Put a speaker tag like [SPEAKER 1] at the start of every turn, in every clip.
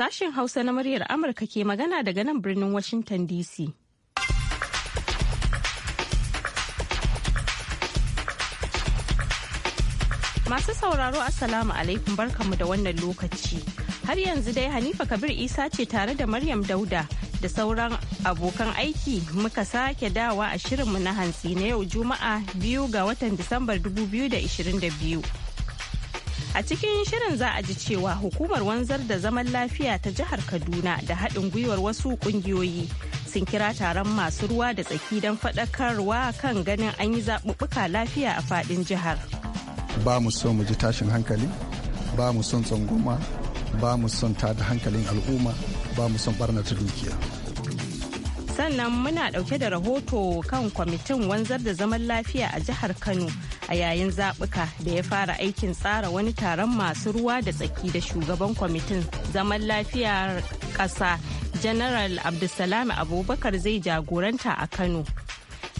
[SPEAKER 1] Sashen Hausa na muryar Amurka ke magana daga nan birnin Washington DC. Masu sauraro Assalamu alaikum barkamu da wannan lokaci. Har yanzu dai Hanifa Kabir Isa ce tare da Maryam Dauda da sauran abokan aiki muka sake dawa a shirinmu na hantsi na yau Juma'a biyu ga watan Disambar 2022. A cikin shirin za a ji cewa hukumar wanzar da zaman lafiya ta jihar Kaduna da haɗin gwiwar wasu ƙungiyoyi sun kira taron masu ruwa da tsaki don faɗakarwa kan ganin an yi zaɓuɓɓuka lafiya a faɗin jihar.
[SPEAKER 2] Ba mu so mu ji tashin hankali, ba mu son tsangoma, ba mu son tada hankalin al'umma, ba mu son ɓarnata dukiya.
[SPEAKER 1] Sannan muna ɗauke da rahoto kan kwamitin wanzar da zaman lafiya a jihar Kano. a yayin zaɓuka da ya fara aikin tsara wani taron masu ruwa da tsaki da shugaban kwamitin zaman lafiyar ƙasa general abdulsalam abubakar zai jagoranta a kano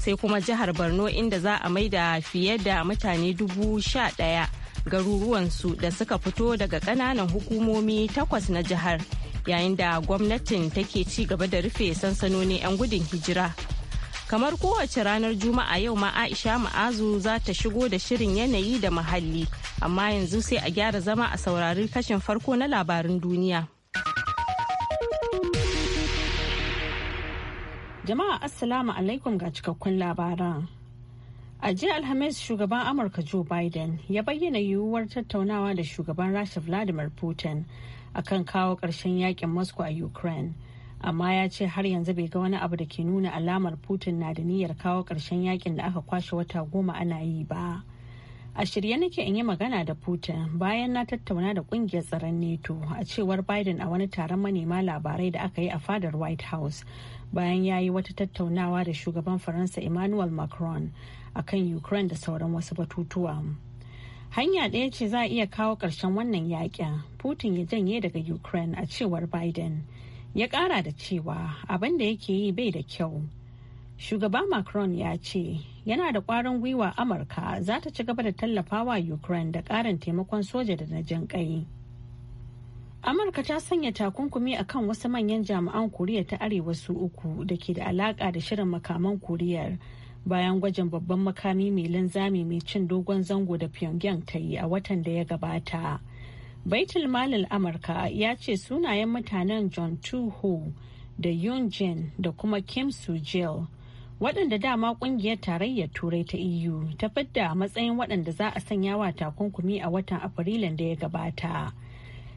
[SPEAKER 1] sai kuma jihar borno inda za a maida fiye da mutane dubu sha ɗaya garuruwansu da suka fito daga ƙananan hukumomi takwas na jihar yayin da gwamnatin take ci gaba da rufe sansanoni 'yan gudun hijira kamar kowace ranar juma'a yau ma aisha ma'azu za ta shigo da shirin yanayi da muhalli amma yanzu sai a gyara zama a saurari kashin farko na
[SPEAKER 3] labarin duniya jama'a assalamu alaikum ga cikakkun labaran a jiya alhamis shugaban amurka joe biden ya bayyana yiwuwar tattaunawa da shugaban rasha vladimir putin akan kawo ƙarshen yakin moscow a ukraine amma ya ce har yanzu bai ga wani abu da ke nuna alamar putin na da niyyar kawo ƙarshen yakin da aka kwashe wata goma ana yi ba a shirye nake in yi magana da putin bayan na tattauna da kungiyar tsaron neto a cewar biden a wani taron manema labarai da aka yi a fadar white house bayan ya yi wata tattaunawa da shugaban faransa emmanuel macron a kan ukraine da sauran wasu batutuwa hanya ɗaya ce za a iya kawo ƙarshen wannan yakin putin ya janye daga ukraine a cewar biden ya kara da cewa abin da yake yi bai da kyau shugaba macron ya ce yana da kwarin gwiwa amurka za ta ci gaba da tallafawa ukraine da karin taimakon soja da na jin kai amurka ta sanya takunkumi akan wasu manyan jami'an koriya ta arewa su uku da ke da alaka da shirin makaman koriyar bayan gwajin babban makami mai linzami mai cin dogon zango da pyongyang ta yi a watan da ya gabata baitul malal amurka ya ce sunayen mutanen john tuho da yun jin da kuma kim jill waɗanda dama ƙungiyar tarayyar turai ta eu ta fidda matsayin waɗanda za a sanya wa takunkumi a watan afrilun da ya gabata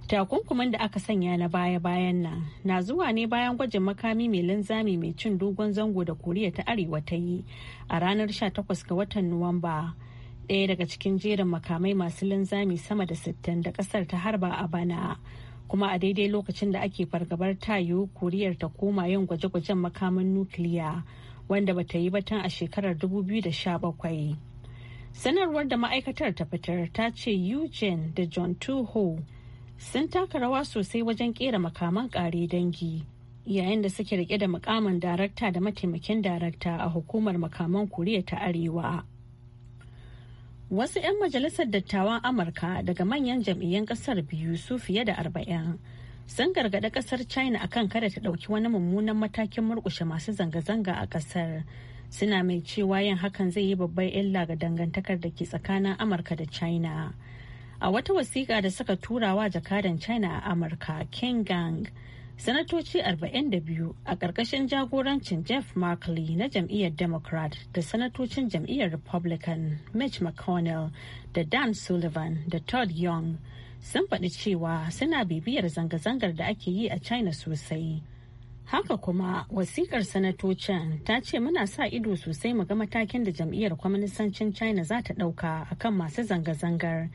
[SPEAKER 3] takunkumin da aka sanya na baya-bayan nan na zuwa ne bayan gwajin makami mai linzami mai cin dogon zango da koriya ta arewa ta yi a ranar 18 ga watan nuwamba. ɗaya daga cikin jerin makamai masu linzami sama da sittin da ƙasar ta harba a bana kuma a daidai lokacin da ake fargabar tayo koriyar ta koma yin gwaje-gwajen makaman nukiliya wanda bata yi tun a shekarar 2017 sanarwar da ma'aikatar ta fitar ta ce eugen da john tuho sun taka rawa sosai wajen kera makaman kare dangi yayin da suke rike da mukamin darakta da mataimakin darakta a hukumar makaman koriya ta arewa Wasu 'yan majalisar dattawan Amurka daga manyan jam'iyyun kasar biyu su fiye da arba'in sun gargaɗi kasar China akan kada ta ɗauki wani mummunan matakin murƙushe masu zanga-zanga a kasar. Suna mai cewa yin hakan zai yi babbar illa ga dangantakar da ke tsakanin Amurka da China. A wata wasiƙa da suka turawa jakadan China a Amurka, King Gang, sanatoci 42 a ƙarƙashin jagorancin jeff markley na jam'iyyar democrat da sanatocin jam'iyyar republican mitch mcconnell da dan sullivan da todd young sun faɗi cewa suna bibiyar zanga-zangar da ake yi a china sosai haka kuma wasikar sanatocin ta ce muna sa ido sosai muga matakin da jam'iyyar kwaminisancin china za ta ɗauka akan masu zanga-zangar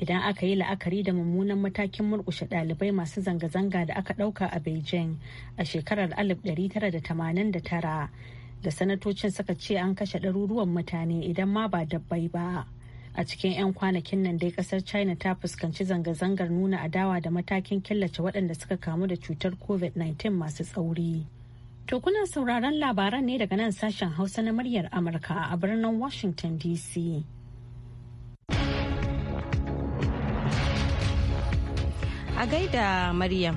[SPEAKER 3] idan aka yi la'akari da mummunan matakin murkushe dalibai masu zanga-zanga da aka ɗauka a beijing a shekarar 1989 da sanatocin suka ce an kashe ɗaruruwan mutane idan ma ba dabbai ba a cikin 'yan kwanakin nan dai kasar china ta fuskanci zanga-zangar nuna adawa da matakin killace waɗanda suka kamu da cutar covid-19 masu tsauri to kuna sauraron labaran ne daga nan sashen hausa na muryar amurka a birnin washington dc A
[SPEAKER 1] gaida Maryam.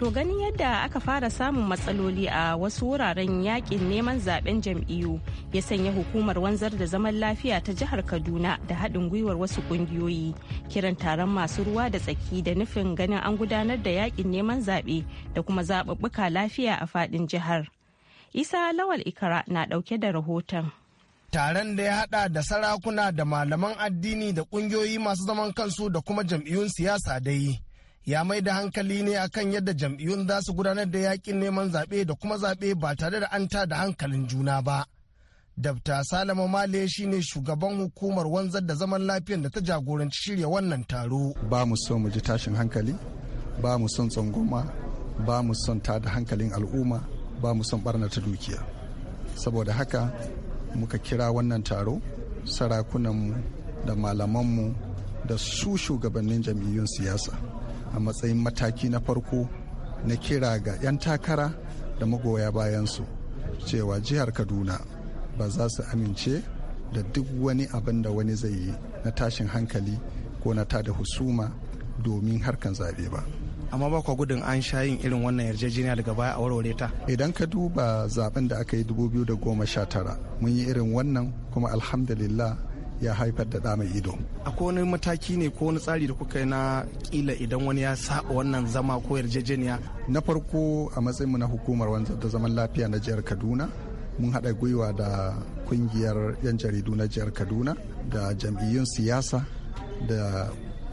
[SPEAKER 1] To ganin yadda aka fara samun matsaloli a wasu wuraren yakin neman zaben jam'iyyu ya sanya hukumar wanzar da zaman lafiya ta jihar Kaduna da haɗin gwiwar wasu ƙungiyoyi kiran taron masu ruwa da tsaki da nufin ganin an gudanar da yakin neman zaɓe da kuma zaɓuɓɓuka lafiya a faɗin jihar. Isa Lawal Ikara na ɗauke da rahoton.
[SPEAKER 4] taron da ya haɗa da sarakuna da malaman addini da ƙungiyoyi masu zaman kansu da kuma jam'iyyun siyasa dai ya mai da hankali ne akan yadda jam'iyyun za su gudanar da yakin neman zaɓe da kuma zaɓe ba tare da an da hankalin juna ba. Dabta Salama Male shi ne shugaban hukumar
[SPEAKER 2] wanzar da zaman lafiyar da ta jagoranci shirya wannan taro. Ba mu son mu ji tashin hankali, ba mu son tsangoma, ba mu son tada hankalin al'umma, ba mu son barna ta dukiya. Saboda haka muka kira wannan taro sarakunanmu da malamanmu da su shugabannin jam'iyyun siyasa. a matsayin mataki na farko na kira ga 'yan takara da magoya bayansu cewa jihar kaduna ba za su amince da duk wani abin da wani zai yi na tashin hankali ko na da husuma domin harkan zaɓe ba amma ba kwa gudun an sha yin irin wannan yarjejeniya daga baya a warware ta idan ka duba zaben da aka yi 2019 mun yi irin wannan kuma alhamdulillah ya haifar da ɗa mai ido akwai wani mataki ne ko wani tsari da kuka yi na kila idan wani ya saba wannan zama ko yarjejeniya na farko a matsayinmu na hukumar wanzar da zaman lafiya na jihar kaduna mun haɗa gwiwa da kungiyar 'yan jaridu na jihar kaduna da jam'iyyun siyasa da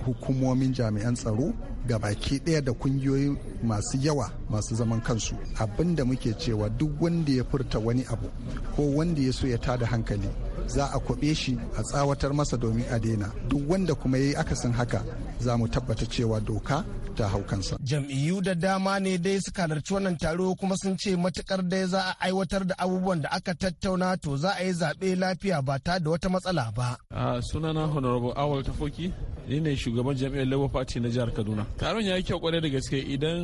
[SPEAKER 2] hukumomin jami'an tsaro ga baki ɗaya da kungiyoyi masu yawa masu zaman kansu abinda muke cewa duk wanda ya furta wani abu ko wanda ya so ya tada hankali za a kwabe shi a tsawatar masa domin a daina duk wanda kuma ya yi akasin haka za mu tabbata cewa doka ta hau kansa.
[SPEAKER 4] jam'iyyu da
[SPEAKER 2] dama ne dai suka halarci wannan taro kuma sun ce matukar dai za
[SPEAKER 4] a aiwatar da abubuwan da aka tattauna to za a yi zaɓe lafiya ba ta da wata matsala ba.
[SPEAKER 5] a sunana honorable awal tafoki ni ne shugaban jam'iyyar labour party na jihar kaduna
[SPEAKER 6] taron ya yi kyau kwarai da gaske idan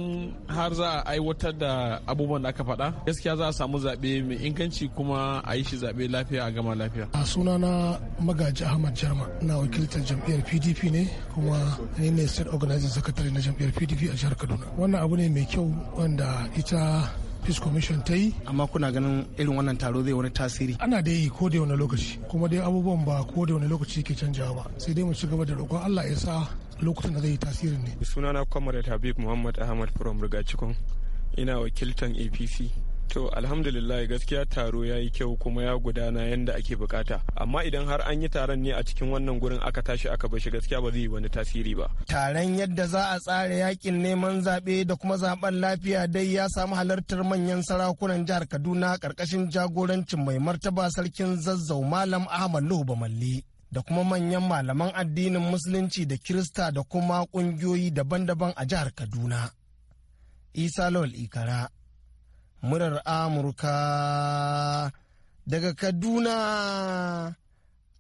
[SPEAKER 6] har za a aiwatar da abubuwan da aka faɗa gaskiya za a samu zaɓe mai inganci kuma a yi shi zaɓe lafiya a gama lafiya.
[SPEAKER 4] a sunana magaji ahmad jarma na wakiltar jam'iyyar pdp ne kuma ni ne state organizing secretary na jam'iyyar pdp a jihar kaduna wannan abu ne mai kyau wanda ita peace commission ta yi amma kuna ganin irin wannan taro zai wani tasiri ana da yi ko da wani lokaci kuma dai abubuwan ba ko da wani lokaci ke canjawa ba sai dai mu ci gaba da roƙon allah ya sa lokutan da zai yi tasirin ne sunana comrade habib muhammad ahmad from rigacikon ina wakiltan apc To alhamdulillah gaskiya taro ya yi kyau kuma ya gudana yadda ake bukata. Amma idan har an yi taron ne a cikin wannan gurin aka tashi aka bashi gaskiya ba zai yi wani tasiri ba. Taron yadda za a tsara yakin neman zaɓe da kuma zaben lafiya dai ya samu halartar manyan sarakunan jihar Kaduna karkashin jagorancin mai martaba sarkin zazzau Malam Ahmad Nuhu Bamalli. da kuma manyan malaman addinin musulunci da kirista da kuma ƙungiyoyi daban-daban a jihar kaduna isa lawal ikara murar Amurka daga Kaduna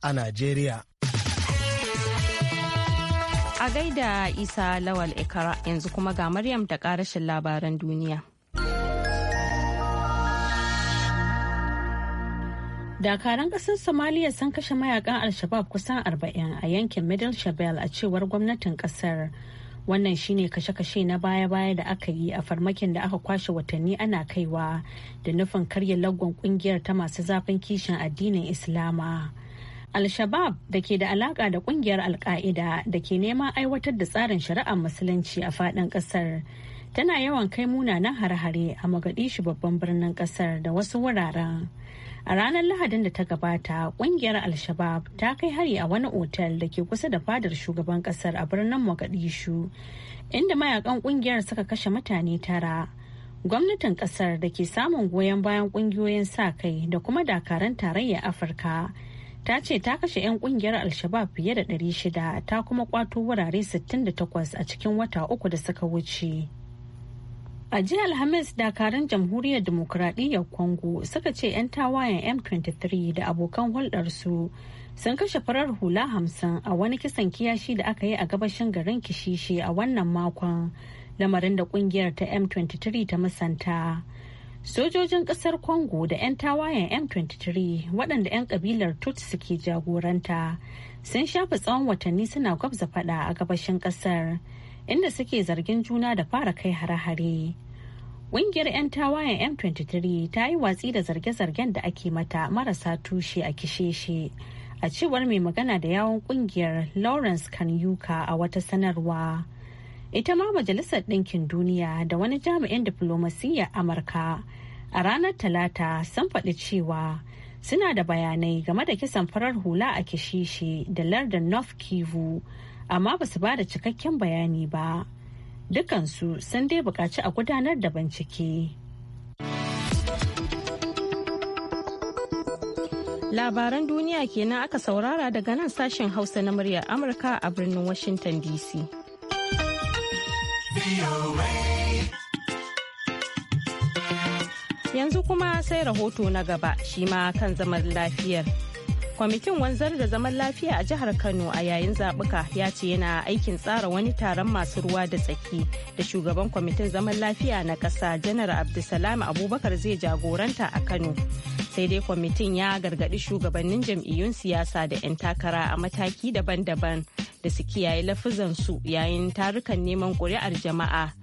[SPEAKER 4] a Najeriya.
[SPEAKER 1] A gaida Isa Lawal Ikara yanzu kuma ga Maryam da karashin labaran duniya.
[SPEAKER 3] Dakaran kasar Somaliya sun kashe mayakan Al-Shabaab kusan 40 a yankin Middle Shabelle a cewar gwamnatin kasar. wannan shine kashe-kashe na baya-baya da aka yi a farmakin da aka kwashe watanni ana kaiwa da nufin karya lagwan kungiyar ta masu zafin kishin addinin islama al-shabab da ke da alaka da kungiyar al-qaida da ke neman aiwatar da tsarin shari'ar musulunci a faɗin ƙasar tana yawan kai munanan hare-hare a shi babban birnin ƙasar da wasu wuraren A ranar Lahadin da ta gabata, kungiyar Al-Shabab ta kai hari a wani otal da ke kusa da fadar shugaban kasar a birnin Mogadishu, inda mayakan kungiyar suka kashe mutane tara. Gwamnatin kasar da ke samun goyon bayan kungiyoyin sa kai da kuma dakaran tarayyar Afirka ta ce ta kashe 'yan kungiyar Al-Shabab fiye da 600 ta kuma kwato wurare 68 a cikin wata uku da suka wuce. A jiya Alhamis dakarun jamhuriyar demokuraɗiyyar Congo suka ce 'yan tawayen M23 da abokan hulɗarsu sun kashe farar hula hamsin a wani kisan kiyashi da aka yi a gabashin garin Kishishi a wannan makon lamarin da kungiyar ta M23 ta musanta. Sojojin ƙasar Congo da 'yan tawayen M23 waɗanda 'yan ƙabilar Tutsi ke jagoranta sun shafe tsawon watanni suna gwabza faɗa a gabashin ƙasar. inda suke zargin juna da fara kai hare-hare. Ƙungiyar 'yan tawayen M23 ta yi watsi da zarge-zargen da ake mata marasa tushe a kisheshe. A cewar mai magana da yawon ƙungiyar Lawrence Kanyuka a wata sanarwa. Ita ma Majalisar Ɗinkin Duniya da wani jami'in diflomasiyya Amurka a ranar Talata sun faɗi cewa suna da bayanai game da kisan farar hula a kishishi da lardin North Kivu, amma ba su ba da cikakken bayani ba. dukansu sun dai buƙaci a gudanar da bincike.
[SPEAKER 1] Labaran duniya kenan aka saurara daga nan sashen Hausa na muryar Amurka a birnin Washington DC. Yanzu kuma sai rahoto na gaba shi ma kan zaman lafiyar. kwamitin wanzar da zaman lafiya a jihar kano a yayin zabuka ya ce yana aikin tsara wani taron masu ruwa da tsaki da shugaban kwamitin zaman lafiya na ƙasa janar abdulsalam abubakar zai jagoranta a kano sai dai kwamitin ya gargaɗi shugabannin jam'iyyun siyasa da 'yan takara a mataki daban-daban da su kiyaye lafizansu yayin tarukan neman ƙuri'ar jama'a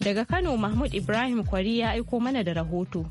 [SPEAKER 1] daga kano mahmud ibrahim kwari ya aiko mana da rahoto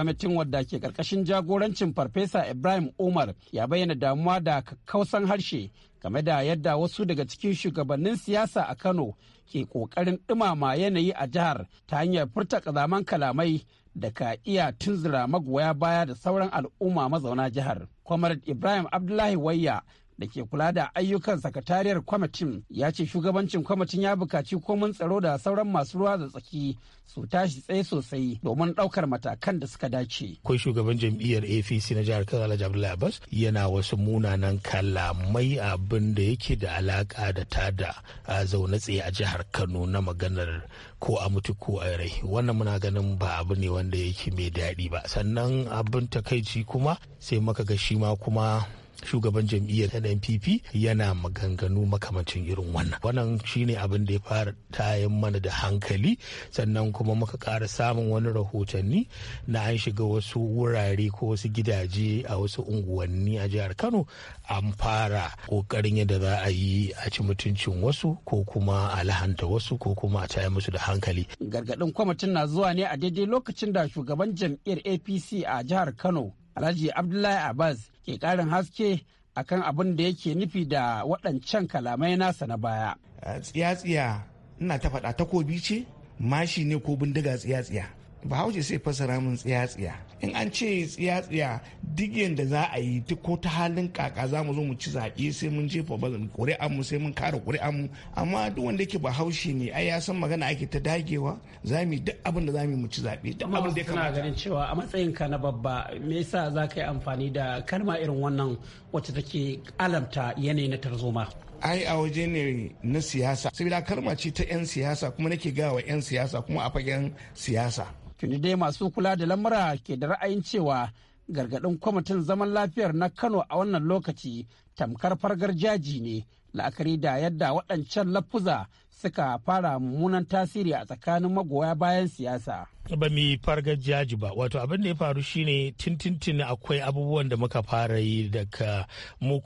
[SPEAKER 1] Kwamitin
[SPEAKER 7] wadda ke karkashin jagorancin Farfesa Ibrahim Umar ya bayyana damuwa da kakkausan harshe game da yadda wasu daga cikin shugabannin siyasa a Kano ke ƙoƙarin dumama yanayi a jihar ta hanyar furta ƙazaman kalamai da ka iya tunzura magoya baya da sauran al'umma mazauna jihar. Comrade Ibrahim Abdullahi Wayya da ke kula da ayyukan sakatariyar kwamitin ya ce shugabancin kwamitin ya bukaci komin tsaro da sauran masu ruwa da tsaki su tashi tsaye sosai domin ɗaukar matakan da suka dace.
[SPEAKER 8] kwai shugaban jam'iyyar APC na jihar Kano Alhaji Abdullahi Abbas yana wasu munanan kalamai abin da yake da alaka da tada a zaune tsaye a jihar Kano na maganar ko a mutu ko a rai wannan muna ganin ba abu ne wanda yake mai daɗi ba sannan abin takaici kuma sai maka ga shi ma kuma shugaban jam'iyyar NPP yana maganganu makamancin irin wannan wannan shine abin da ya fara tayan mana da hankali sannan kuma muka ƙara samun wani rahotanni na an shiga wasu wurare ko wasu gidaje a wasu unguwanni a jihar Kano an fara ƙoƙarin yadda za a yi a ci mutuncin wasu ko kuma a lahanta wasu ko kuma a taya musu da hankali.
[SPEAKER 7] Gargaɗin kwamitin na zuwa ne a daidai lokacin da shugaban jam'iyyar APC a jihar Kano Alhaji Abdullahi Abbas ke ƙarin haske akan abin da yake nufi da waɗancan kalamai nasa na baya. Tsiyatsiya ina ta faɗa takobi
[SPEAKER 6] ce mashi ne ko bindiga tsiya-tsiya bahaushe sai fasara min tsiya-tsiya in an ce tsiyatsiya tsiya duk da za a yi duk ko ta halin kaka za mu zo mu ci zaɓe sai mun jefa ƙuri'an mu sai mun kare ƙuri'an mu amma duk wanda yake bahaushe ne ai ya san magana ake ta dagewa za mu duk abin da za mu ci zaɓe duk abin da ya kamata
[SPEAKER 7] ganin cewa a matsayin ka na babba me yasa za ka yi amfani da kalma irin wannan wacce take alamta
[SPEAKER 6] yanayi na tarzoma ai a waje ne na siyasa saboda kalma ce ta 'yan siyasa kuma nake gawa 'yan siyasa kuma a fagen siyasa tuni dai masu kula da lamura ke da ra'ayin
[SPEAKER 7] cewa gargadin kwamitin zaman lafiyar na kano a wannan lokaci tamkar fargar jaji ne la'akari da yadda waɗancan lafuza suka fara mummunan tasiri a tsakanin magoya bayan siyasa.
[SPEAKER 8] Ba mu fargar jaji ba, wato abin da ya faru shine tintintin akwai abubuwan da muka fara yi daga mu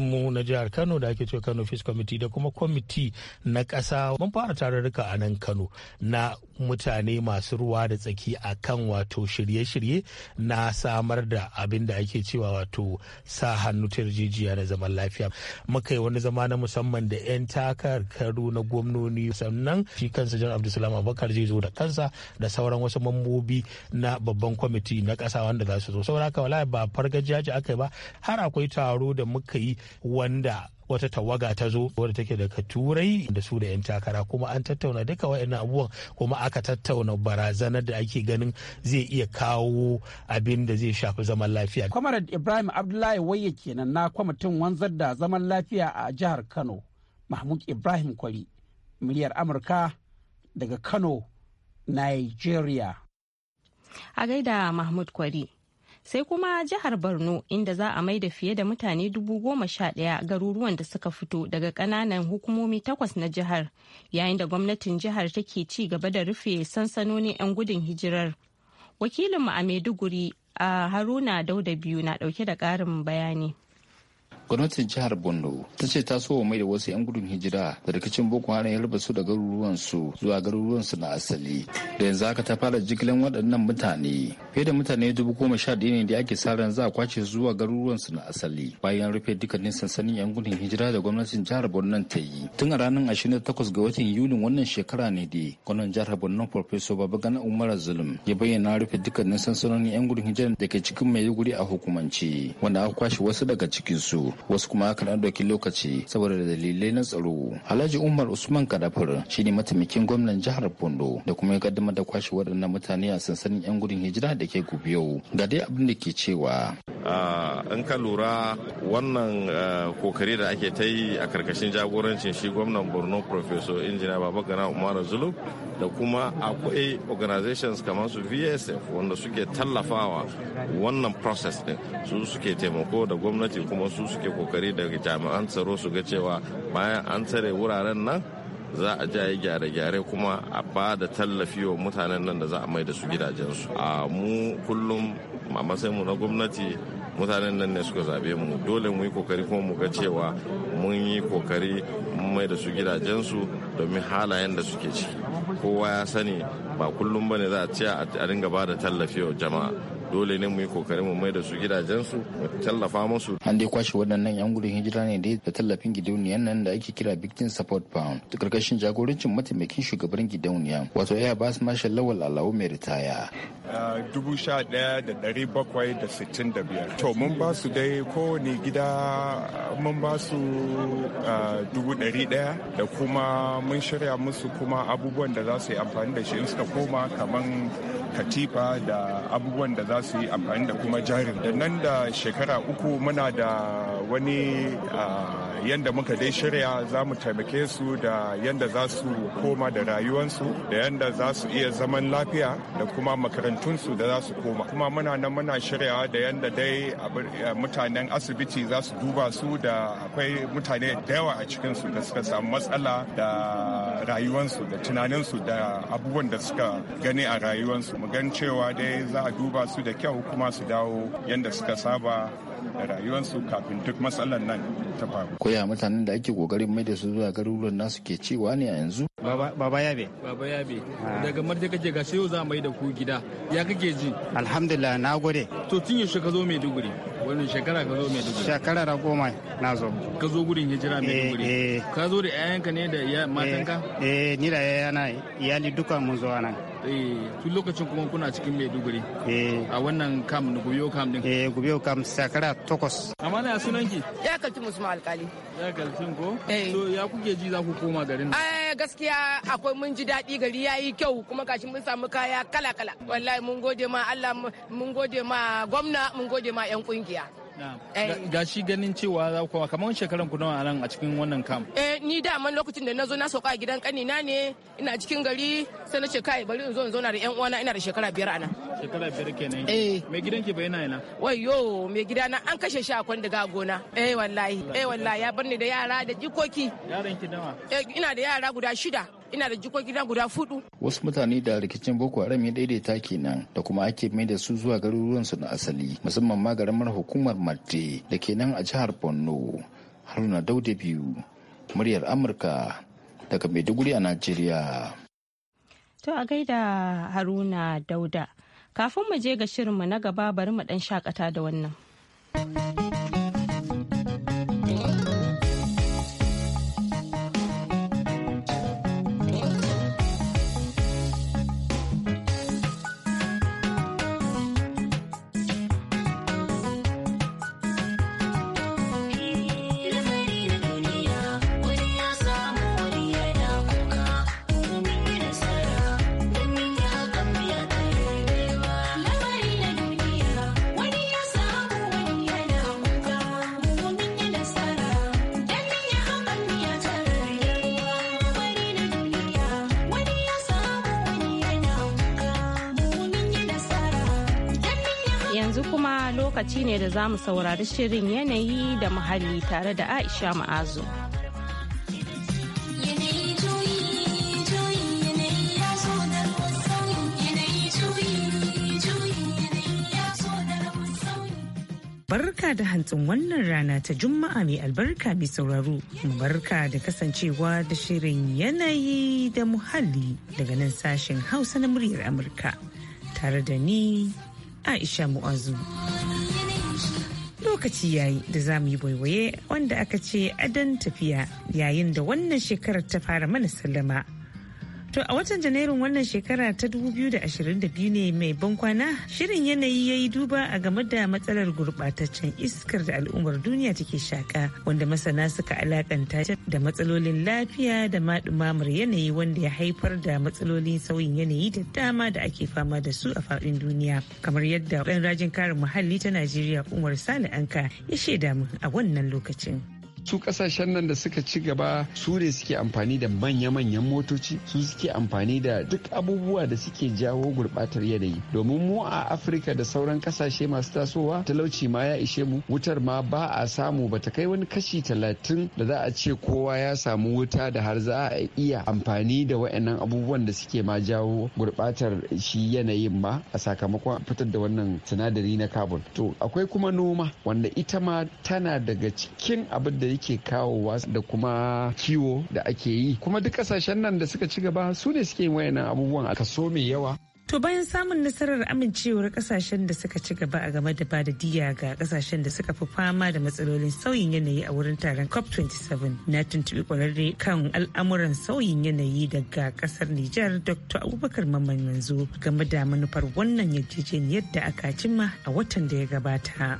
[SPEAKER 8] mu na jihar Kano da ake cewa Kano Fish Committee da kuma kwamiti na ƙasa mun fara tarurruka a nan Kano na mutane masu ruwa da tsaki a kan wato shirye-shirye na samar da abin da ake cewa wato sa hannu ta yarjejiya na zaman lafiya muka yi wani zama na musamman da 'yan takarkaru na gwamnoni sannan shi kansa jan abdulsalam abubakar zai zo da kansa da sauran wasu mambobi na babban kwamiti na ƙasa wanda za su zo saboda haka wala ba fargajiya aka yi ba har akwai taro da muka yi wanda wata tawaga ta zo wadda take daga turai da su da 'yan takara kuma an tattauna duka wa'in abubuwan kuma aka tattauna barazanar da ake ganin zai iya kawo abin da zai shafi zaman lafiya.
[SPEAKER 7] Kwamarad Ibrahim Abdullahi Waye kenan na kwamitin wanzar da zaman lafiya a jihar Kano, Mahmud Ibrahim Kwari, miliyar Amurka daga Kano, Nigeria.
[SPEAKER 1] A gaida Mahmud Kwari. sai kuma jihar borno inda za a maida fiye da mutane dubu goma sha ɗaya garuruwan da suka fito daga ƙananan hukumomi takwas na jihar yayin da gwamnatin jihar take ci gaba da rufe sansanonin 'yan gudun hijirar wakilinmu a maiduguri a haruna dauda biyu na dauke da ƙarin bayani
[SPEAKER 9] gwamnatin jihar borno ta ce ta so mai da wasu 'yan gudun hijira da rikicin boko haram ya raba su da su zuwa garuruwansu na asali da yanzu haka ta fara jigilan waɗannan mutane fiye da mutane dubu goma sha ɗaya ne da ake sa ran za a kwace zuwa garuruwansu na asali bayan rufe dukkanin sansanin 'yan gudun hijira da gwamnatin jihar borno ta yi tun a ranar 28 ga watan yuni wannan shekara ne da gwamnan jihar borno professor babagana umar zulum ya bayyana rufe dukkanin sansanonin 'yan gudun hijira da ke cikin maiduguri a hukumance wanda aka kwashe wasu daga cikinsu wasu kuma aka na ɗauki lokaci saboda dalilai na tsaro alhaji umar usman kadafur shine mataimakin gwamnan jihar bondo da kuma ya kaddamar da kwashe waɗannan mutane a sansanin yan gudun hijira da ke gubiyau ga dai abin da ke cewa in ka lura wannan eh, kokari da ake ta yi a karkashin jagorancin shi gwamnan borno professor injiniya babagana umar zulu da kuma akwai organizations kamar su vsf wanda suke tallafawa wannan process din su suke taimako da gwamnati kuma su suke ake kokari daga jami'an tsaro su ga cewa bayan an tsare wuraren nan za a ja gyare-gyare kuma a ba da tallafi wa mutanen nan da za a mai da su gidajensu a mu kullum a mu na gwamnati mutanen nan ne suka zaɓe mu dole mu yi kokari kuma mu ga cewa mun yi kokari mun mai da su gidajensu domin halayen da suke ciki kowa ya sani ba kullum bane za a ce a dinga ba da tallafi wa jama'a dole ne mu yi kokarin mu mai da su gidajensu mu tallafa musu an dai kwashe waɗannan yan gudun hijira ne dai da tallafin gidauniyan nan da ake kira victim support pound karkashin jagorancin mataimakin shugaban gidauniya wato ya ba su mashin lawal alawu mai ritaya
[SPEAKER 2] dubu sha ɗaya da ɗari bakwai da sittin da biyar to mun ba su dai kowane gida mun ba su dubu ɗari ɗaya da kuma mun shirya musu kuma abubuwan da za su yi amfani da shi in suka koma kaman katifa da abubuwan da za su yi amfani da kuma jarin da nan da shekara uku muna da wani ah, yanda muka dai shirya za mu taimake su da yanda za su koma da rayuwansu da yadda za su iya zaman lafiya da kuma makarantunsu da za su koma kuma muna nan muna shirya da yanda dai eh, mutanen asibiti za su duba su da akwai mutane da yawa a cikinsu da suka samu matsala da rayuwansu da tunaninsu da abubuwan da suka gani a rayuwansu mu gan cewa dai za a duba su da kyau kuma su dawo yanda suka saba da rayuwarsu kafin duk matsalar nan ta faru.
[SPEAKER 9] Ko ya mutanen da ake kokarin mai da su zuwa garuruwan nasu ke cewa ne a yanzu? Baba Yabe. Baba Yabe. Ah. Daga marta kake ga yau za mu yi da ku gida. Ya kake ji? Alhamdulillah na gode. To tun yaushe ka zo Maiduguri? Wannan shekara ka zo Maiduguri? Shekara da goma na zo. Ka zo gudun hijira eh, Maiduguri? Eh. Ka zo da 'ya'yanka ne da eh, matanka? Eh ni da 'ya'yana iyali duka mun zo nan. Eh, tun lokacin kuma kuna cikin maiduguri eh. a wannan kam na gubiyo kam din eh gubiyo kam sakara tokos. amma na sunan ki
[SPEAKER 1] ya kalti musu alkali
[SPEAKER 9] ya kalti ko so eh. ya kuke ji za ku koma garin
[SPEAKER 1] eh gaskiya akwai mun ji daɗi gari yayi kyau kuma kashi mun samu kaya kala kala wallahi mun gode ma Allah mun gode ma gwamna mun gode ma yan kungiya
[SPEAKER 9] Eh. ga shi ganin cewa za ku kamar shekaran ku nawa nan a cikin wannan kam
[SPEAKER 1] eh ni da man lokacin da nazo na sauka a gidan kanina ne ina cikin gari sai na ce kai bari in zo in na da yan uwana ina da shekara biyar anan
[SPEAKER 9] shekara biyar kenan eh Me gidan ki bayyana yana
[SPEAKER 1] wai yo me gida na an kashe shi a kwanda ga gona eh wallahi eh wallahi ya bar ni da yara da jikoki yaran ki nawa eh ina da yara guda shida ina da jikokin gida guda fudu
[SPEAKER 9] wasu mutane da rikicin boko haram ya daidaita kenan da kuma ake mai da su zuwa garuruwan su na asali musamman ma garamar hukumar Marte da ke nan a jihar borno haruna dauda biyu muryar amurka daga maiduguri a najeriya
[SPEAKER 1] to a gaida haruna dauda kafin mu je ga shirinmu na gaba bari mu dan shakata da wannan. yanzu kuma lokaci ne da za mu saurari shirin yanayi da muhalli tare da Aisha Ma'azu.
[SPEAKER 10] barka da hantsin wannan rana ta juma'a mai albarka mai sauraro barka da kasancewa da shirin yanayi da muhalli daga nan sashen hausa na muryar amurka tare da ni Aisha Mu'azu. Lokaci yayi da za mu yi waiwaye wanda aka ce adon tafiya yayin da wannan shekarar ta fara mana sallama. To a watan Janairun wannan shekara ta 2022 ne mai ban kwana shirin yanayi ya yi duba a game da matsalar gurɓataccen iskar da al'ummar duniya take shaka wanda masana suka alakanta da matsalolin lafiya da maɗumamar yanayi wanda ya haifar da matsalolin sauyin yanayi da dama da ake fama da su a faɗin duniya. Kamar yadda ɗan rajin kare muhalli ta Najeriya Umar Sale Anka ya shaida mu a wannan lokacin. su kasashen
[SPEAKER 9] nan da suka ci gaba su ne suke amfani da manya-manyan motoci su suke amfani da duk abubuwa da suke jawo gurbatar yanayi domin mu a afirka da sauran kasashe masu tasowa talauci ma ya ishe mu wutar ma ba a samu ba ta kai wani kashi talatin da za a ce kowa ya samu wuta da har za a iya amfani da wa'annan abubuwan da suke ma jawo gurbatar shi yanayin ma a sakamakon fitar da wannan sinadari na carbon to akwai kuma noma wanda ita ma tana daga cikin abin da yake kawowa da kuma kiwo da ake yi kuma duk kasashen nan da suka ci gaba su ne suke yin abubuwan a kaso mai yawa
[SPEAKER 10] To bayan samun nasarar amincewar kasashen da suka ci gaba a game da bada diya ga kasashen da suka fi fama da matsalolin sauyin yanayi a wurin taron COP27 na tuntuɓi kwararre kan al'amuran sauyin yanayi daga kasar Nijar Dr. Abubakar Mamman yanzu game da manufar wannan yarjejeniyar da aka cimma a watan da ya gabata.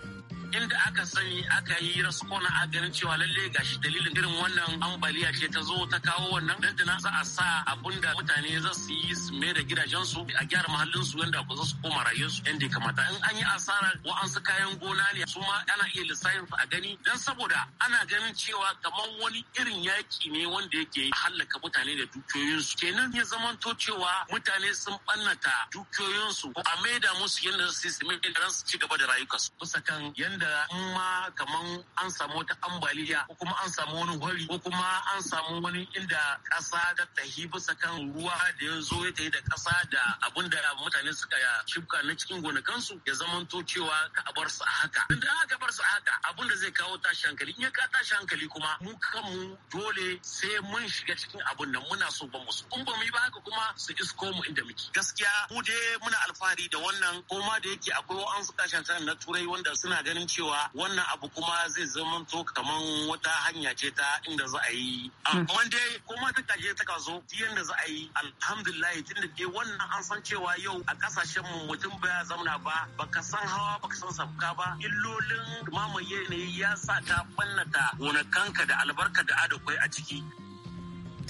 [SPEAKER 10] inda aka sani aka yi raskona a ganin cewa lalle gashi dalilin irin
[SPEAKER 5] wannan ambaliya ce ta zo ta kawo wannan dandana za a sa abunda mutane za su yi su mai da gidajensu a gyara su yadda ba za su koma rayuwarsu yadda ya kamata in an yi asara su kayan gona ne su ma ana iya lissafin a gani dan saboda ana ganin cewa kamar wani irin yaki ne wanda yake hallaka mutane da dukiyoyinsu kenan ya zamanto cewa mutane sun bannata dukiyoyinsu a maida musu yanda su yi su mai da su ci gaba da rayukansu bisa kan yanda da ma kaman an samu wata ambaliya ko kuma an samu wani hori ko kuma an samu wani inda ƙasa ta tahi bisa kan ruwa da ya zo ya tahi da ƙasa da abin da mutane suka shibka na cikin gonakansu ya zamanto cewa ka bar su a haka. Inda aka bar su a haka abin da zai kawo tashi hankali in ya ka tashi hankali kuma mu kanmu dole sai mun shiga cikin abin nan muna so ba mu Kun In ba mu yi ba haka kuma su isko mu inda muke. Gaskiya mu dai muna alfahari da wannan ko da yake akwai wa'ansu kasashen na turai wanda suna ganin cewa wannan abu kuma zai zama to kamar wata hanya ce ta inda za a yi amma ah, hmm. dai kuma ta kaje ta kaso yanda za a yi alhamdulillah tunda dai wannan an san cewa yau a kasashen mu mutum ya zauna ba ba ka san hawa ba ka san sabka ba illolin mamaye ne ya sa ta bannata gonakanka da albarka da adakwai a ciki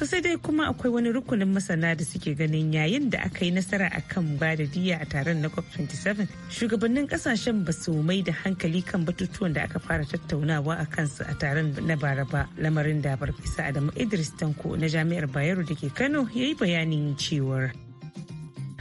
[SPEAKER 10] To sai dai kuma akwai wani rukunin masana da suke ganin yayin da aka yi nasara kan ba da diya a taron na COP27 shugabannin kasashen ba su mai da hankali kan batutuwan da aka fara tattaunawa a kansu a taron na bara ba lamarin da barfisa Adamu Idris Tanko na Jami'ar Bayero da ke Kano ya yi bayanin cewar.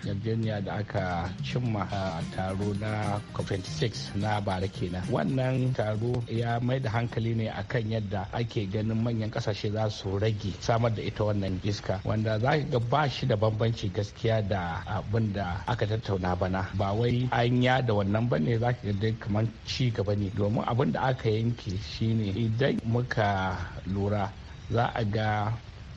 [SPEAKER 6] yarjejeniya da aka cimma a taro na COP26 na bara kenan. Wannan taro ya mai da hankali ne akan yadda ake ganin manyan kasashe za su rage samar da ita wannan iska wanda za ga ba shi da bambanci gaskiya da abin da aka tattauna bana ba wai an ya da wannan ba ne za ka ga kamar ci gaba ne domin abin da aka yanke shine idan muka lura za a ga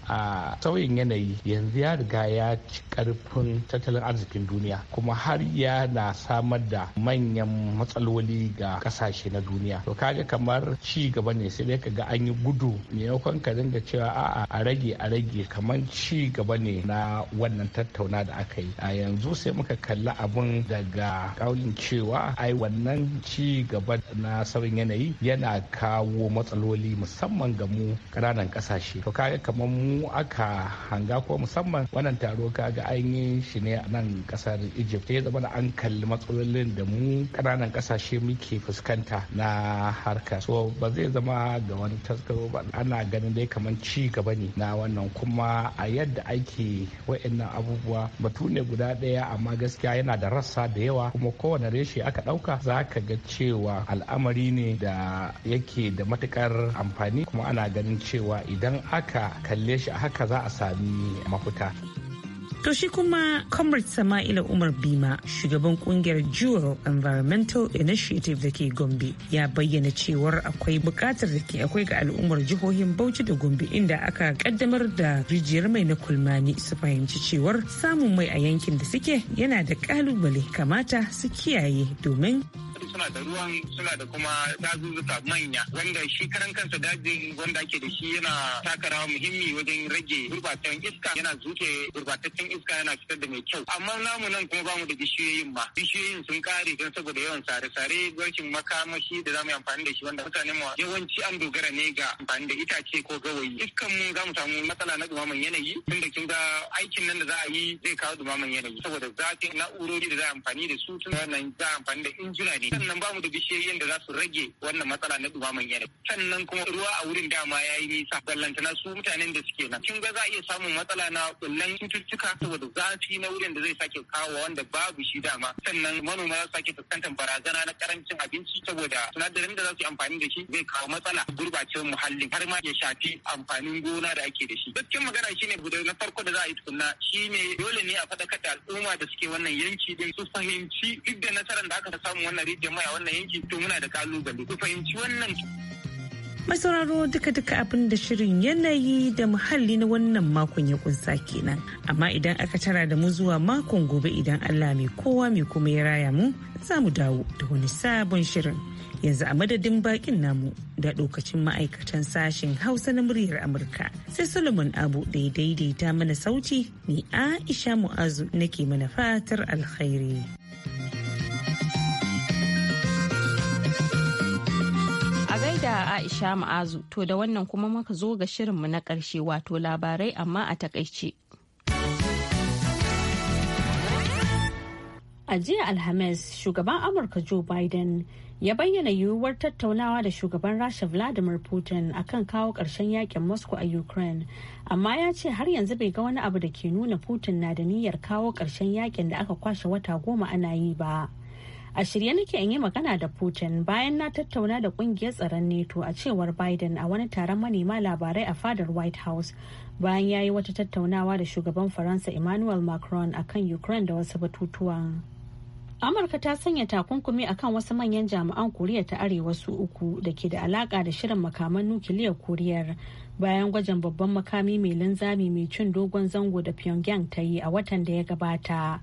[SPEAKER 6] a sauyin yanayi yanzu ya riga ya ci karfin tattalin arzikin duniya kuma har ya na samar da manyan matsaloli ga kasashe na duniya to kaga kamar ci gaba ne sai dai kaga an yi gudu maimakon ka dinga cewa a'a a rage a rage kamar ci gaba ne na wannan tattauna da aka yi a yanzu sai muka kalli abun daga kaulin cewa ai wannan ci gaba na sauyin yanayi yana kawo matsaloli musamman ga mu ƙananan kasashe to kaga kamar mu mu aka hanga ko musamman wannan taro kaga an yi shi ne a nan kasar egypt ya zama an kalli matsalolin da mu kananan kasashe muke fuskanta na harka so ba zai zama ga wani taskaro ba ana ganin dai kamar ci gaba ne na wannan kuma a yadda ake wa'annan abubuwa batu ne guda ɗaya amma gaskiya yana da rassa da yawa kuma kowane reshe aka ɗauka za ka ga cewa al'amari ne da yake da matukar amfani kuma ana ganin cewa idan aka kalle shi a haka za a sami mafita
[SPEAKER 10] To shi kuma Comrade Sama'ila Umar Bima shugaban kungiyar Jewel Environmental Initiative da ke Gombe ya bayyana cewar akwai bukatar da ke akwai ga al'ummar jihohin Bauchi da Gombe inda aka kaddamar da rijiyar mai na kulmani su fahimci cewar samun mai a yankin da suke yana da kalubale kamata su kiyaye domin
[SPEAKER 11] suna da ruwan suna da kuma dazuzzuka manya wanda shi karan kansa dajin wanda ake da shi yana taka rawa muhimmi wajen rage gurbatan iska yana zuke gurbataccen iska yana fitar da mai kyau amma namu nan kuma bamu da bishiyoyin ma bishiyoyin sun kare don saboda yawan sare-sare gwarkin makamashi da zamu yi amfani da shi wanda mutane mu yawanci an dogara ne ga amfani da itace ko gawayi iskan mu zamu samu matsala na dumaman yanayi tunda kin ga aikin nan da za a yi zai kawo dumaman yanayi saboda zafin na'urori da za a amfani da su tun wannan za a amfani da injina ne sannan bamu da bishiyoyin da za su rage wannan matsala na dumaman yanayi sannan kuma ruwa a wurin dama ya yi nisa ballantana su mutanen da suke nan kin ga za a iya samun matsala na kullan cututtuka saboda zafi na wurin da zai sake kawo wanda babu shi dama sannan manoma za su sake fuskantar barazana na karancin abinci saboda sinadarin da za su yi amfani da shi zai kawo matsala gurbacewar muhallin har ma ya shafi amfanin gona da ake da shi gaskiyar magana shine guda na farko da za a yi tukunna ne dole ne a faɗakar da al'umma da suke wannan yanki din su fahimci duk da nasarar da aka samu wannan rijiyar mai a wannan yanki to muna da kalubale su fahimci wannan
[SPEAKER 10] Mai duka-duka abin da shirin yanayi da muhalli na wannan makon ya kunsa kenan. Amma idan aka tara da mu zuwa makon gobe idan Allah mai kowa mai kuma ya raya mu za mu dawo da wani sabon shirin. Yanzu a madadin bakin namu da lokacin ma'aikatan sashen Hausa na muryar Amurka. Sai Solomon Abu da ya daidaita mana sauti ni Aisha Mu'azu nake mana fatar alkhairi.
[SPEAKER 1] A gaida Aisha Ma'azu, to da wannan kuma muka zo ga shirinmu na ƙarshe wato labarai amma a takaice.
[SPEAKER 3] A jiya Alhamis, shugaban Amurka Joe Biden ya bayyana yiwuwar tattaunawa da shugaban Rasha Vladimir Putin akan kawo ƙarshen yakin Moscow a Ukraine, amma ya ce har yanzu bai ga wani abu da ke nuna Putin na da niyyar kawo ƙarshen yakin da aka kwashe wata goma ana yi ba. a shirye nake in yi magana da putin bayan na tattauna da kungiyar tsaron neto a cewar biden a wani taron manema labarai a fadar white house bayan ya yi wata tattaunawa da shugaban faransa emmanuel macron a kan ukraine da wasu batutuwa. amurka ta sanya takunkumi akan wasu manyan jami'an koriya ta arewa su uku da ke da alaka da shirin makaman nukiliyar koriyar bayan gwajin babban makami mai linzami mai cin dogon zango da pyongyang ta yi a watan da ya gabata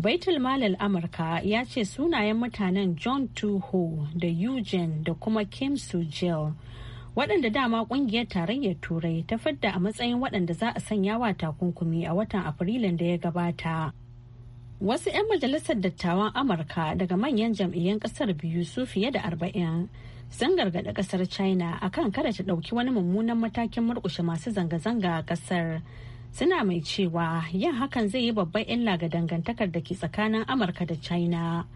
[SPEAKER 3] baitul malal amurka ya ce sunayen mutanen john tuho da eugene da kuma kim sujel waɗanda dama ƙungiyar tarayyar turai ta fadda a matsayin waɗanda za a sanya wa takunkumi a watan afrilun da ya gabata wasu 'yan majalisar dattawan amurka daga manyan jam'iyyun ƙasar biyu su fiye da arba'in sun gargaɗi ƙasar china akan kada ta ɗauki wani mummunan matakin murƙushe masu zanga-zanga a ƙasar suna mai cewa yin hakan zai yi babban illa ga dangantakar da ke tsakanin amurka da china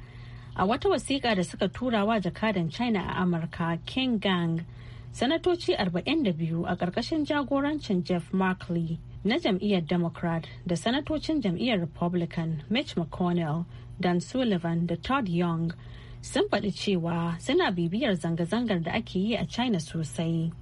[SPEAKER 3] a wata wasiƙa da suka tura wa jakadan china a amurka king gang sanatoci 42 a ƙarƙashin jagorancin jeff markley na jam'iyyar democrat da sanatocin jam'iyyar republican mitch mcconnell dan sullivan da todd young sun faɗi cewa suna bibiyar zanga-zangar da ake yi a china sosai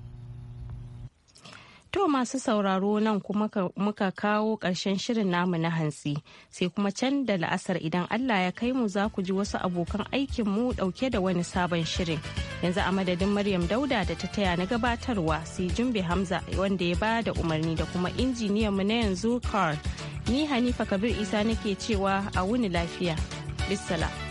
[SPEAKER 1] To masu sauraro nan kuma muka kawo ƙarshen shirin namu na hantsi sai kuma can da la'asar idan Allah ya kai mu za ku ji wasu abokan aikinmu ɗauke da wani sabon shirin. Yanzu a madadin Maryam Dauda da ta taya na gabatarwa sai Jumbe Hamza wanda ya ba da umarni da kuma injiniyan mu na yanzu Carl. Ni Hanifa Kabir Isa nake cewa a wuni lafiya. Bissalam.